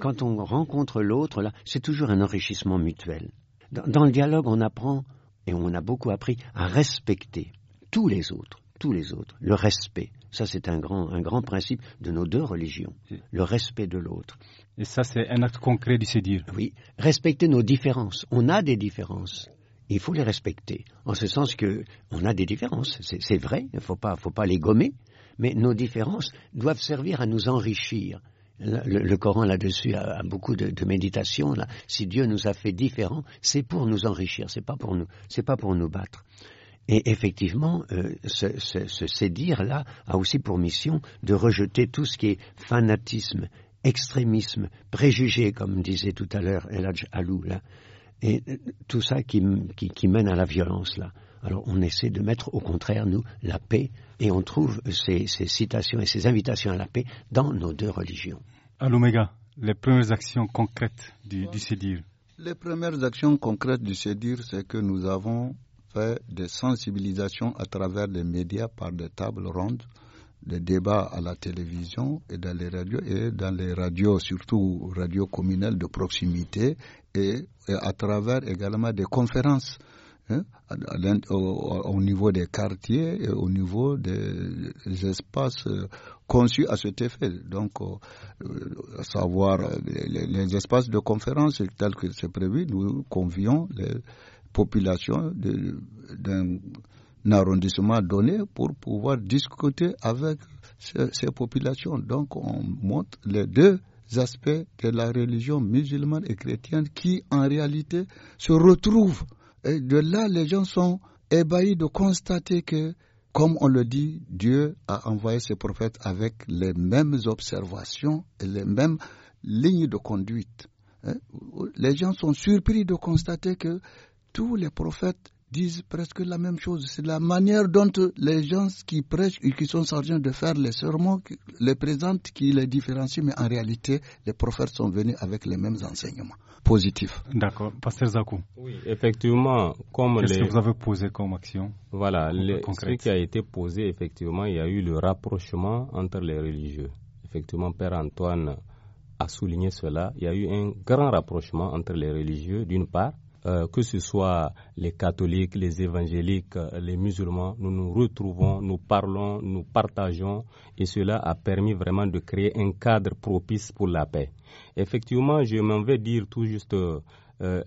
Speaker 4: quand on rencontre l'autre, là, c'est toujours un enrichissement mutuel. Dans, le dialogue, on apprend, et on a beaucoup appris, à respecter tous les autres, tous les autres, le respect. Ça, c'est un grand, principe de nos deux religions, le respect de l'autre. Et ça, c'est un acte concret de se dire. Oui, respecter nos différences. On a des différences il faut les respecter. En ce sens que on a des différences, c'est vrai, il ne faut pas les gommer, mais nos différences doivent servir à nous enrichir. Le, Coran là-dessus a, beaucoup de, de méditation. Si Dieu nous a fait différents, c'est pour nous enrichir, c'est pas pour nous, c'est pas pour nous battre. Et effectivement, euh, ce, ce, là a aussi pour mission de rejeter tout ce qui est fanatisme, extrémisme, préjugé, comme disait tout à l'heure Eladj Alou, et euh, tout ça qui, qui mène à la violence. là. Alors on essaie de mettre au contraire, nous, la paix, et on trouve ces, citations et ces invitations à la paix dans nos deux religions. À l'Oméga, les premières actions
Speaker 1: concrètes du, du CEDIR
Speaker 5: Les premières actions concrètes du CEDIR, c'est que nous avons fait des sensibilisations à travers les médias par des tables rondes, des débats à la télévision et dans les radios, et dans les radios, surtout radios communales de proximité, et à travers également des conférences Hein, au, niveau des quartiers et au niveau des espaces euh, conçus à cet effet. Donc, euh, euh, à savoir les, espaces de conférence tels que c'est prévu, nous convions les populations d'un arrondissement donné pour pouvoir discuter avec ces, ces populations. Donc, on montre les deux aspects de la religion musulmane et chrétienne qui, en réalité, se retrouvent et de là, les gens sont ébahis de constater que, comme on le dit, Dieu a envoyé ses prophètes avec les mêmes observations et les mêmes lignes de conduite. Hein? Les gens sont surpris de constater que tous les prophètes disent presque la même chose. C'est la manière dont les gens qui prêchent et qui sont chargés de faire les sermons les présentent qui les différencient, mais en réalité, les prophètes sont venus avec les mêmes enseignements positifs. D'accord.
Speaker 2: Pasteur Zakou. Oui, effectivement. Comme Qu'est-ce que vous avez
Speaker 1: posé comme action
Speaker 2: Voilà, les... ce qui a été posé, effectivement, il y a eu le rapprochement entre les religieux. Effectivement, Père Antoine a souligné cela. Il y a eu un grand rapprochement entre les religieux, d'une part, euh, que ce soit les catholiques, les évangéliques, euh, les musulmans, nous nous retrouvons, nous parlons, nous partageons et cela a permis vraiment de créer un cadre propice pour la paix. Effectivement, je m'en vais dire tout juste euh,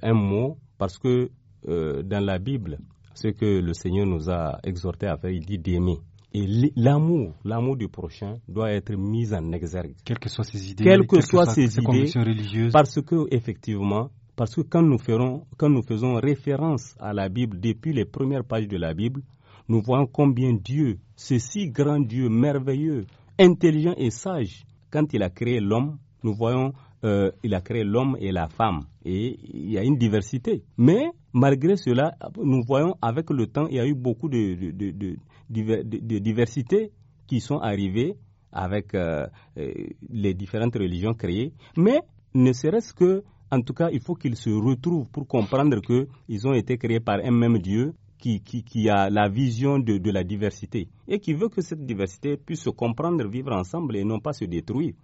Speaker 2: un mot parce que dans la Bible, ce que le Seigneur nous a exhorté à faire, il dit d'aimer. Et l'amour, l'amour du prochain doit être mis en exergue. Quelles que soient ses idées, quelles que soient ses, ses religieuses. parce que effectivement, parce que quand nous, ferons, quand nous faisons référence à la Bible depuis les premières pages de la Bible, nous voyons combien Dieu, ce si grand Dieu, merveilleux, intelligent et sage, quand il a créé l'homme, nous voyons euh, il a créé l'homme et la femme. Et il y a une diversité. Mais malgré cela, nous voyons avec le temps, il y a eu beaucoup de, de, diversités qui sont arrivées avec euh, euh, les différentes religions créées. Mais ne serait-ce que en tout cas, il faut qu'ils se retrouvent pour comprendre qu'ils ont été créés par un même Dieu qui, qui, qui a la vision de, de, la diversité et qui veut que cette diversité puisse se comprendre, vivre ensemble et non pas se détruire.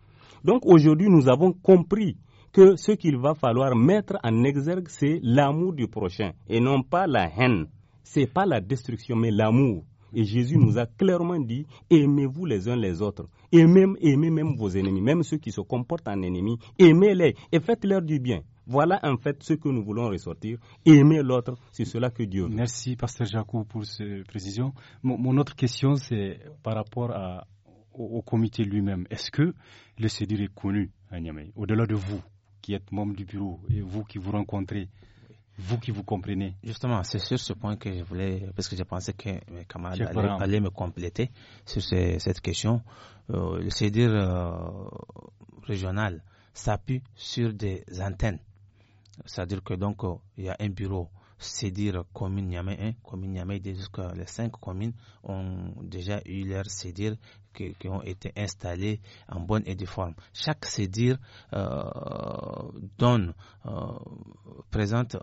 Speaker 2: Donc aujourd'hui, nous avons compris que ce qu'il va falloir mettre en exergue, c'est l'amour du prochain et non pas la haine. C'est pas la destruction, mais l'amour. Et Jésus nous a clairement dit, aimez-vous les uns les autres. Aimez, aimez même vos ennemis, même ceux qui se comportent en ennemis. Aimez-les et faites-leur du bien. Voilà en fait ce que nous voulons ressortir. Aimer l'autre, c'est cela que Dieu veut. Merci, Pasteur Jacou, pour cette précisions. Mon, autre question, c'est par rapport
Speaker 1: au, comité lui-même. Est-ce que le CEDIR est connu à Niamey, au-delà de vous qui êtes membre du
Speaker 3: bureau et vous qui vous rencontrez vous qui vous comprenez. Justement, c'est sur ce point que je voulais, parce que j'ai pensé que mes camarades me compléter sur cette question. Euh, le CEDIR euh, régional s'appuie sur des antennes. C'est-à-dire que donc, euh, il y a un bureau c'est dire commune Niamey jusqu'à les cinq communes ont déjà eu leur CEDIR qui, ont été installés en bonne et de forme. Chaque cédir euh, donne, euh, présente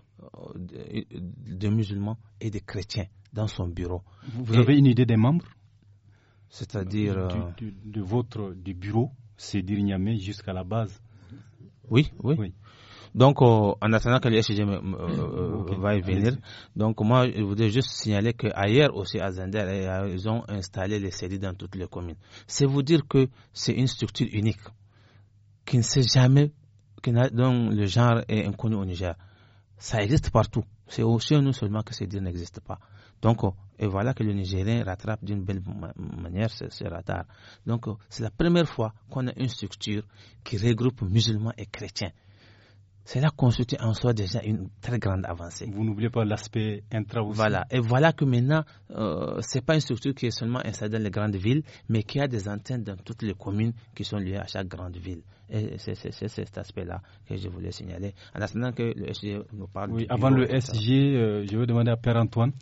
Speaker 3: de euh, des musulmans et des chrétiens dans son bureau. Vous avez une idée des membres C'est-à-dire.
Speaker 1: De, votre du bureau cédir Niamey jusqu'à la base
Speaker 3: oui. oui. Donc, euh, en attendant que le SGM euh, euh, mm. va y venir, donc moi, je voudrais juste signaler qu'ailleurs aussi, à Zender, ils ont installé les séries dans toutes les communes. C'est vous dire que c'est une structure unique qui ne sait jamais, qui dont le genre est inconnu au Niger. Ça existe partout. C'est aussi nous seulement que ces dire n'existent pas. Donc, et voilà que le Nigérien rattrape d'une belle manière ce, ce Donc, c'est la première fois qu'on a une structure qui regroupe musulmans et chrétiens. Cela constitue en soi déjà une très grande avancée. Vous n'oubliez pas l'aspect intra ouest Voilà. Et voilà que maintenant, euh, ce n'est pas une structure qui est seulement installée dans les grandes villes, mais qui a des antennes dans toutes les communes qui sont liées à chaque grande ville. Et c'est cet aspect-là que je voulais signaler. En attendant que le SG e nous parle. avant le SG,
Speaker 1: e, euh, je veux demander à Père Antoine.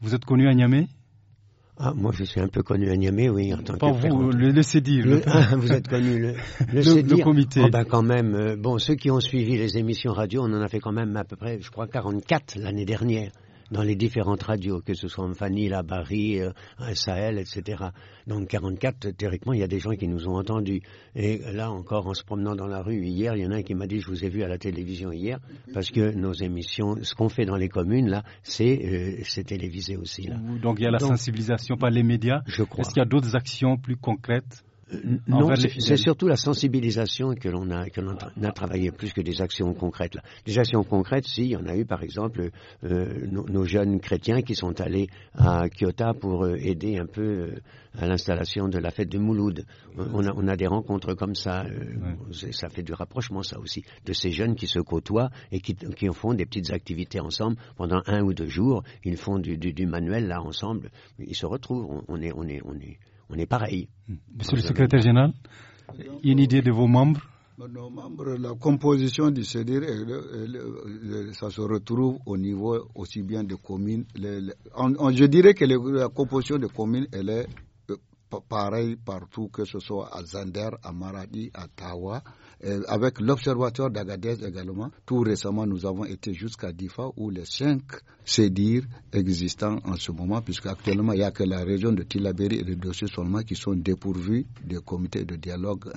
Speaker 4: Vous êtes connu à Niamey ah, moi, je suis un peu connu à Niamey, oui. En tant Pas que vous, le,
Speaker 1: CDI. Le, *laughs* vous êtes connu, le, comité. Ah, bah,
Speaker 4: quand même, euh, bon, ceux qui ont suivi les émissions radio, on en a fait quand même à peu près, je crois, 44 l'année dernière dans les différentes radios, que ce soit en Fanny, la Barry, euh, Sahel, etc. Donc 44, théoriquement, il y a des gens qui nous ont entendus. Et là encore, en se promenant dans la rue hier, il y en a un qui m'a dit je vous ai vu à la télévision hier, parce que nos émissions, ce qu'on fait dans les communes, là, c'est euh, télévisé aussi. Là.
Speaker 1: Donc il y a la sensibilisation par les médias. Je crois. Est-ce qu'il y a d'autres actions plus concrètes
Speaker 4: euh, non, c'est surtout la sensibilisation que l'on a, que l'on a travaillé plus que des actions concrètes. Là. Des actions concrètes, si, il y en a eu par exemple euh, nos, jeunes chrétiens qui sont allés à Kyoto pour euh, aider un peu à l'installation de la fête de Mouloud. On a, on a des rencontres comme ça, ça fait du rapprochement ça aussi, de ces jeunes qui se côtoient et qui, qui font des petites activités ensemble pendant un ou deux jours. Ils font du, manuel là ensemble, ils se retrouvent, on est, on est, on est on est pareil. Hmm. Monsieur le secrétaire
Speaker 5: général, une idée de vos membres euh, nos membres, la composition du CEDIR, ça se retrouve au niveau aussi bien des communes. je dirais que la composition des communes, elle est euh, pareille partout, que ce soit à Zander, à Maradi, à Tawa, euh, avec l'observatoire d'Agadez également. Tout récemment, nous avons été jusqu'à Difa où les cinq CEDIR existants en ce moment, puisque actuellement, il n'y a que la région de Tilaberi et de dossier seulement qui sont dépourvus de comités de dialogue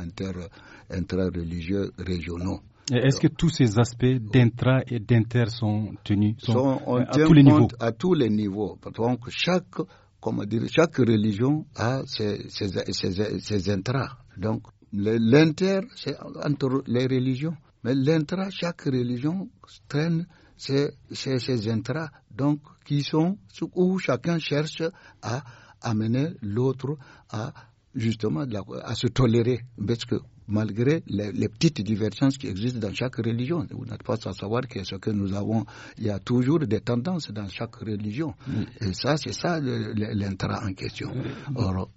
Speaker 5: intra-religieux régionaux.
Speaker 1: Est-ce que tous ces aspects d'intra et d'inter sont tenus à tous les niveaux
Speaker 5: À tous les niveaux. Donc chaque, comment dire, chaque religion a ses, ses, ses intras. Donc L'inter, c'est entre les religions. Mais l'intra, chaque religion traîne ses, intras, donc qui sont où chacun cherche à amener l'autre à justement à se tolérer. Parce que malgré les, petites divergences qui existent dans chaque religion. Vous n'êtes pas sans savoir que ce que nous avons, il y a toujours des tendances dans chaque religion. Et ça, c'est ça l'intra en question.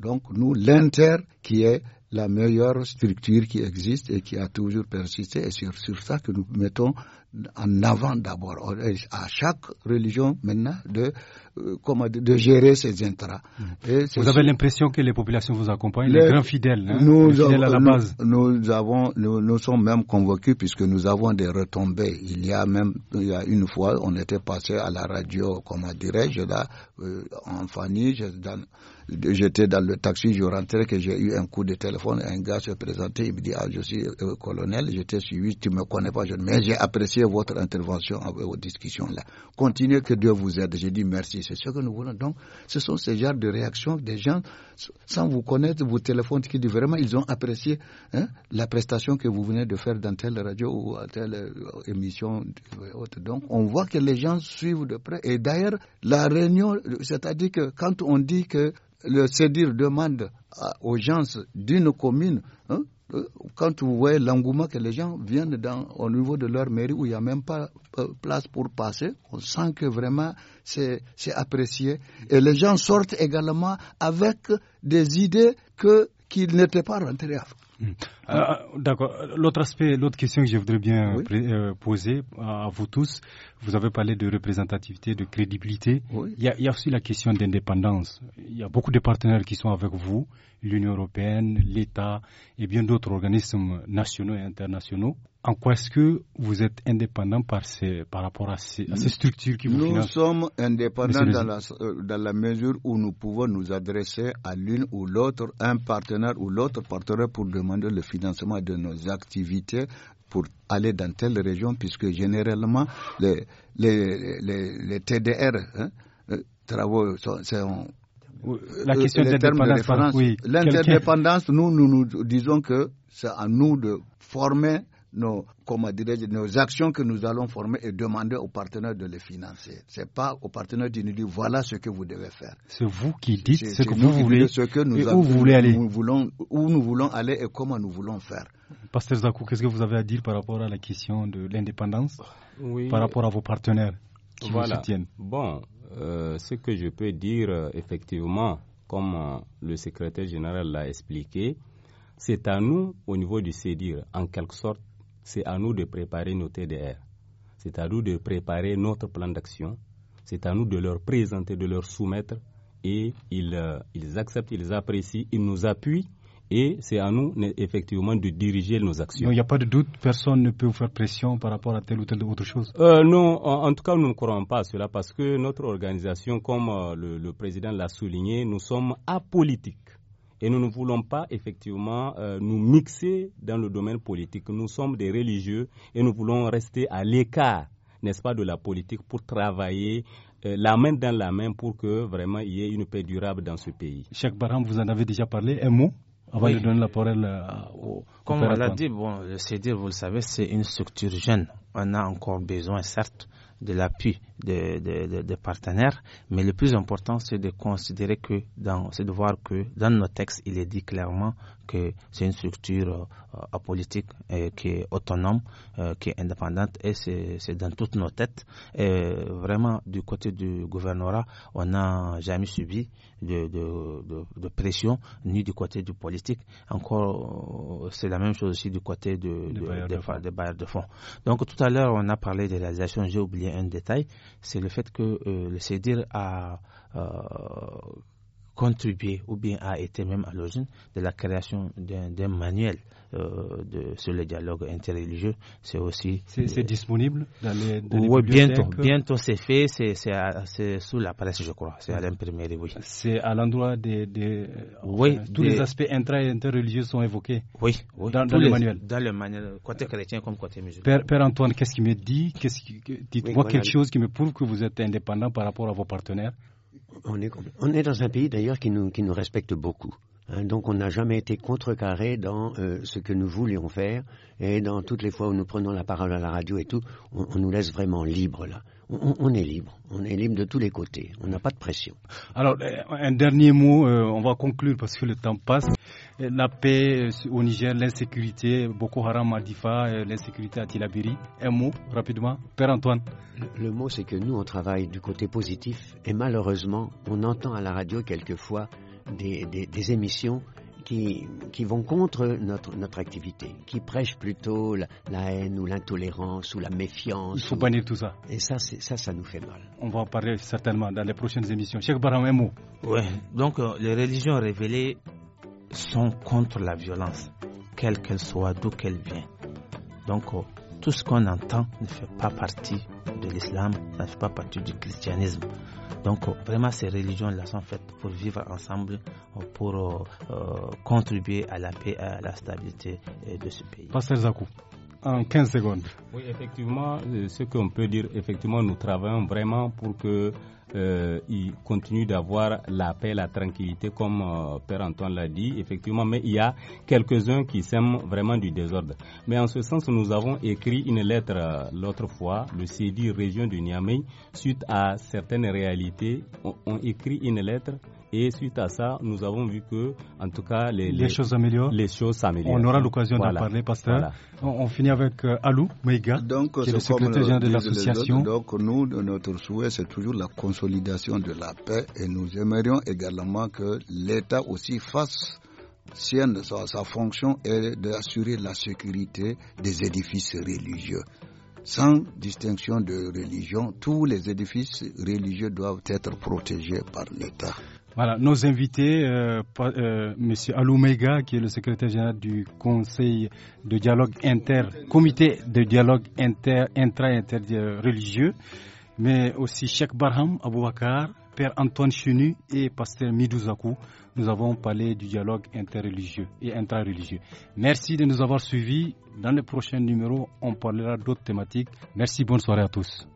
Speaker 5: donc, nous, l'inter qui est la meilleure structure qui existe et qui a toujours persisté. Et c'est sur ça que nous mettons en avant d'abord. À chaque religion maintenant de euh, de gérer ces intrants.
Speaker 1: Hmm. vous avez l'impression que les populations vous accompagnent, les, grands fidèles, hein, nous à la base.
Speaker 5: Nous, sommes même convoqués puisque nous avons des retombées. Il y a même, il y a une fois, on était passé à la radio, comment dirais-je, euh, en famille, j'étais dans, le taxi, je rentrais, que j'ai eu un coup de téléphone, un gars se présentait, il me dit, ah, je suis euh, colonel, j'étais suivi, tu me connais pas, mais j'ai apprécié votre intervention, vos discussions là. Continuez que Dieu vous aide. J'ai dit merci c'est ce que nous voulons. Donc, ce sont ces genres de réactions des gens, sans vous connaître, vous téléphonent qui disent vraiment, ils ont apprécié hein, la prestation que vous venez de faire dans telle radio ou telle euh, émission. Euh, Donc, on voit que les gens suivent de près. Et d'ailleurs, la réunion, c'est-à-dire que quand on dit que le CEDIR demande aux gens d'une commune hein, euh, quand vous voyez l'engouement que les gens viennent dans, au niveau de leur mairie où il n'y a même pas euh, place pour passer, on sent que vraiment c'est apprécié. Et les gens sortent également avec des idées qu'ils n'étaient pas rentrés avec. Euh,
Speaker 1: euh, d'accord. L'autre aspect, l'autre question que je voudrais bien euh, poser à vous tous, vous avez parlé de représentativité, de crédibilité. Il, y a, il, y a, aussi la question d'indépendance. Il y a beaucoup de partenaires qui sont avec vous, l'Union européenne, l'État et bien d'autres organismes nationaux et internationaux en quoi est-ce que vous êtes indépendant par, par rapport à ces, structures qui vous Nous
Speaker 5: sommes indépendants euh, dans la, mesure où nous pouvons nous adresser à l'une ou l'autre, un partenaire ou l'autre partenaire pour demander le financement de nos activités pour aller dans telle région, puisque généralement les, TDR, hein, euh, travaux, sont, euh, la question de L'interdépendance, nous, nous disons que c'est à nous de former nos, comment nos actions que nous allons former et demander aux partenaires de les financer. Ce n'est pas aux partenaires de nous voilà ce que vous devez faire. C'est vous qui dites ce que vous voulez, et où vous voulez aller. Nous voulons, où nous voulons aller et comment nous voulons faire.
Speaker 1: Pasteur Zakou, qu'est-ce que vous avez à dire par rapport à la question de l'indépendance, par rapport à vos partenaires qui vous soutiennent
Speaker 2: Bon, euh, ce que je peux dire, euh, effectivement, comme euh, le secrétaire général l'a expliqué, c'est à nous, au niveau du CEDIR, en quelque sorte, c'est à nous de préparer nos TDR. C'est à nous de préparer notre plan d'action. C'est à nous de leur présenter, de leur soumettre. Et ils, euh, acceptent, ils apprécient, ils nous appuient. Et c'est à nous, effectivement, de diriger nos actions.
Speaker 1: Il n'y a pas de doute, personne ne peut vous faire pression par rapport à telle ou telle autre chose
Speaker 2: euh, Non, en, tout cas, nous ne croyons pas à cela parce que notre organisation, comme euh, le président l'a souligné, nous sommes apolitiques. Et nous ne voulons pas effectivement euh, nous mixer dans le domaine politique. Nous sommes des religieux et nous voulons rester à l'écart, n'est-ce pas, de la politique pour travailler euh, la main dans la main pour que vraiment il y ait une paix durable dans ce pays.
Speaker 1: Cheikh vous en avez déjà parlé. Un mot avant de donner la parole euh, au, Comme on l'a
Speaker 3: dit, bon, c'est dire vous le savez, c'est une structure jeune. On a encore besoin, certes, de l'appui des de, partenaires, mais le plus important, c'est de considérer que dans, c'est de voir que dans nos textes, il est dit clairement que c'est une structure euh, apolitique euh, qui est autonome, euh, qui est indépendante et c'est dans toutes nos têtes. Et vraiment, du côté du gouvernorat, on n'a jamais subi de, pression ni du côté du politique. Encore, c'est la même chose aussi du côté de, des bailleurs de, fonds. Donc tout à l'heure, on a parlé des réalisations. J'ai oublié un détail, c'est le fait que le CEDIR a contribué ou bien a été même à l'origine de la création d'un manuel euh, sur le dialogue interreligieux. C'est aussi. C'est disponible dans les. Dans oui, bientôt. Bientôt, c'est fait. C'est sous la presse, je crois. C'est à l'imprimerie, oui. C'est
Speaker 1: à l'endroit des. oui. tous les aspects intra et interreligieux sont évoqués. Oui, Dans, le manuel.
Speaker 3: Dans le manuel, côté euh, chrétien comme côté musulman.
Speaker 1: Père, Antoine, qu'est-ce qui me dit Dites-moi quelque chose qui me prouve que vous êtes indépendant par rapport à vos partenaires
Speaker 4: on est, dans un pays d'ailleurs qui nous, respecte beaucoup. Hein. donc on n'a jamais été contrecarré dans euh, ce que nous voulions faire et dans toutes les fois où nous prenons la parole à la radio et tout, on, nous laisse vraiment libre là. On, est libre, on est libre de tous les côtés, on n'a pas de pression.
Speaker 1: Alors un dernier mot, euh, on va conclure parce que le temps passe la euh, paix euh, au Niger, l'insécurité, Boko Haram, Madifa, euh, l'insécurité à Tilabiri. Un mot,
Speaker 4: rapidement. Père Antoine. Le, mot, c'est que nous, on travaille du côté positif et malheureusement, on entend à la radio quelquefois des, des, émissions qui, qui, vont contre notre, notre activité, qui prêchent plutôt la, haine ou l'intolérance ou la méfiance. Il faut bannir tout ça. Et ça, ça, ça nous fait mal. On va en parler certainement dans les prochaines
Speaker 3: émissions. Cheikh Baram, un mot. Oui. Donc, les religions révélées sont contre la violence, quelle qu'elle soit, d'où qu'elle vient. Donc, oh, tout ce qu'on entend ne fait pas partie de l'islam, ça ne fait pas partie du christianisme. Donc oh, vraiment ces religions-là sont faites pour vivre ensemble, oh, pour contribuer à la paix et à la stabilité de ce pays. Pasteur Zakou
Speaker 1: en 15 secondes.
Speaker 2: Oui, effectivement, euh, ce qu'on peut dire, effectivement, nous travaillons vraiment pour que euh, continue d'avoir la paix, la tranquillité, comme euh, Père Antoine l'a dit, effectivement, mais il y a quelques-uns qui s'aiment vraiment du désordre. Mais en ce sens, nous avons écrit une lettre euh, l'autre fois, le C.D. région de Niamey, suite à certaines réalités, ont écrit une lettre et suite à ça, nous avons vu que, en tout cas, les, choses s'améliorent. On aura l'occasion d'en parler, pasteur.
Speaker 1: On, finit avec euh, Alou Meiga, qui est, le secrétaire général de l'association.
Speaker 5: Donc, nous, notre souhait, c'est toujours la consolidation de la paix et nous aimerions également que l'État aussi fasse sa, fonction est d'assurer la sécurité des édifices religieux sans distinction de religion, tous les édifices religieux doivent être protégés par l'État.
Speaker 1: Voilà, nos invités, euh, euh, Monsieur M. Aloumega, qui est le secrétaire général du Conseil de dialogue inter, comité de dialogue inter, intra-interreligieux, mais aussi Cheikh Barham Aboubakar, Père Antoine Chenu et Pasteur Midouzakou. Nous avons parlé du dialogue interreligieux et intra-religieux. Merci de nous avoir suivis. Dans le prochain numéro, on parlera d'autres thématiques. Merci, bonne soirée à tous.